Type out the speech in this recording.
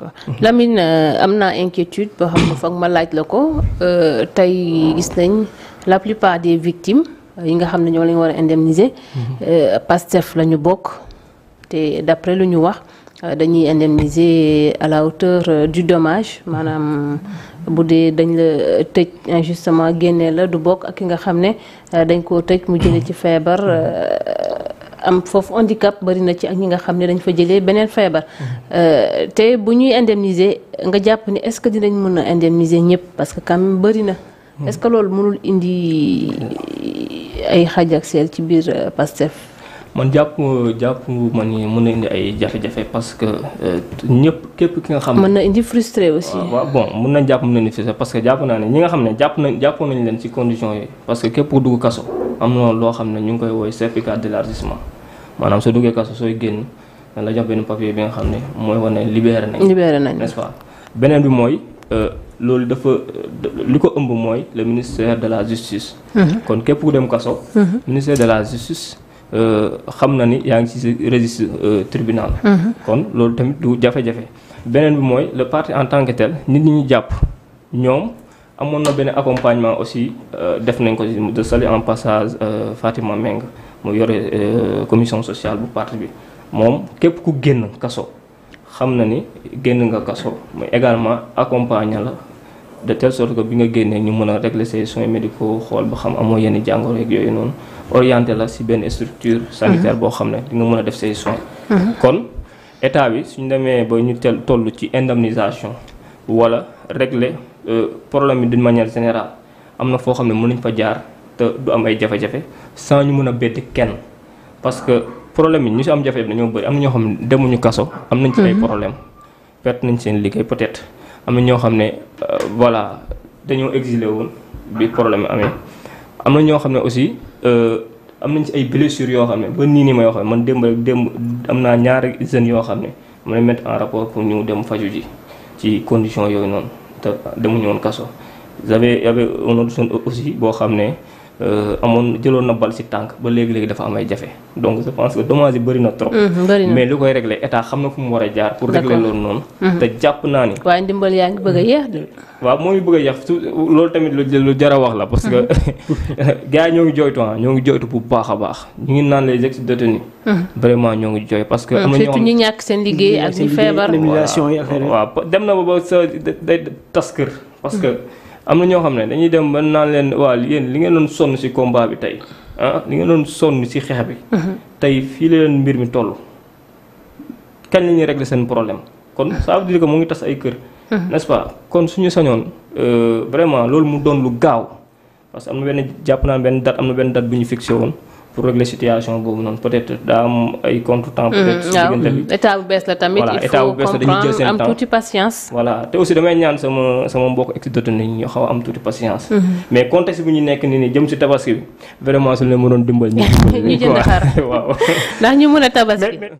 d'accord Lamine euh, am naa inquiétude boo xam ne foog ma laaj la ko euh, tey gis nañ la plupart des victimes euh, yi nga xam ne ñoo leen war a indemniser mhm. Pastef la ñu bokk te d'après lu ñu wax dañuy indemniser à la hauteur du domage maanaam bu dee dañ la tëj injustement génnee la du bokk ak ki nga xam ne dañ koo tëj mu jële ci feebar am foofu handicap bari na ci ak ñi nga xam ne dañ fa jëlee beneen feebar. Euh, te bu ñuy indemniser nga jàpp ni est-ce que dinañ mën a indemniser ñëpp parce que quand même na. Hmm. est que loolu mënul indi ay xaj ci biir euh, Pastef. man jàpp jàpp ma ni mën na indi ay jafe-jafe que euh, ñëpp képp ki xam. mën na indi frustré aussi. waaw bon mën na jàpp mën na fi frustré parce que jàpp naa ne ñi nga xam ne jàpp nañ jàppoon nañ leen ci condition yooyu parce que képp ku dugg kaso. am na loo xam ne ñu ngi koy woy certificat d'élargissement maanaam soo duggee kaso sooy génn dañ la jox benn papier bi nga xam ne mooy wane libéré nañ. libéré nañ n'est-ce beneen bi mooy euh, loolu dafa li ko ëmb mooy le ministère de la justice. Mm-hmm. kon képp ku dem kaso. Mm-hmm. ministère de la justice. Euh, xam na ni yaa ngi ci registre euh, tribunal. Mm-hmm. kon loolu tamit du jafe-jafe beneen bi mooy le partie en tant que tel nit ñi jàpp ñoom. amoon na benn accompagnement aussi euh, def nañ ko de saluer en passage euh, Fatima Meng mu yore euh, commission sociale bu parti bi moom képp ku génn kaso xam na ni génn nga kaso mais également accompagne la de telle sorte que bi nga génnee ñu mën a régler say soins médicaux xool ba xam amoo yenn jàngoor yeeg yooyu noonu orienté la si benn structure sanitaire mhm. boo xam ne di nga mën a def say soins. Mhm. kon état bi suñu demee ba ñu tel toll ci indemnisation wala régler. Euh, problème yi d'une manière générale am na foo xam ne mën nañ fa jaar te du am ay jafe-jafe sans ñu mën a bett kenn parce que problème yi ñu si am jafe-jafe dañoo bëri am na ñoo xam ne demuñu kaso am nañ ci ay mhm. problème perte nañ seen liggéey peut-être am na ñoo xam ne euh, voilà dañoo exilé woon bi problème amee am na ñoo xam ne aussi euh, am nañ ay blessures yoo xam ne ba nii nii ma yoo xam ne man démb rek démb am naa ñaari jeunes yoo xam ne mën a mettre en rapport pour ñu dem faju ji ci condition yooyu noonu te demuñu woon kaso. y avait y avait aussi boo xam ne Euh, amoon jëloon na bal ci tànk ba léegi-léegi dafa am jafe donc je pense que dommage yi trop mm-hmm, mais li koy régler état xam na fu mu war a jaar pour régler loolu noonu mm-hmm. te jàpp naa waaye ndimbal yaa ngi bëgg a yeex de waaw moo ngi bëgg a yeex su loolu tamit lu jar a wax la parce que mm-hmm. gars yi ñoo ngi jooytu ah ñoo ngi jooytu bu baax a baax ñu ngi naan les ex-détenus vraiment ñoo ngi jooy parce que am ñu ñàkk seen liggéey ak ñu feebar waaw dem na am na ñoo xam ne dañuy dem ba naa leen waa yéen li ngeen doon sonn ci combat bi tey ah li ngeen doon sonn ci xeex bi. Mhm. tey fii la leen mbir mi toll kañ la ñuy régler seen problème kon ça di dire que mu ngi tas ay kër. Mhm. n'est-ce kon suñu sañoon euh, vraiment loolu mu doon lu gaaw parce que am na benn jàpp naa benn date am na benn date bu ñu fixé woon. pour régler situation boobu noonu peut-être daa am ay contretemps. Mm-hmm. peut-être bu bees la tamit. il faut comprendre am tuuti patience. voilà te aussi damay ñaan sama sama mbokk exodote nañ ñu xaw am tuuti patience. Mm-hmm. mais contexte bi ñu nekk nii nii jëm si tabaski bi vraiment su leen mënoon dimbali. ñu dimbali ñu jënd xar waaw. ndax ñu mën a tabaski.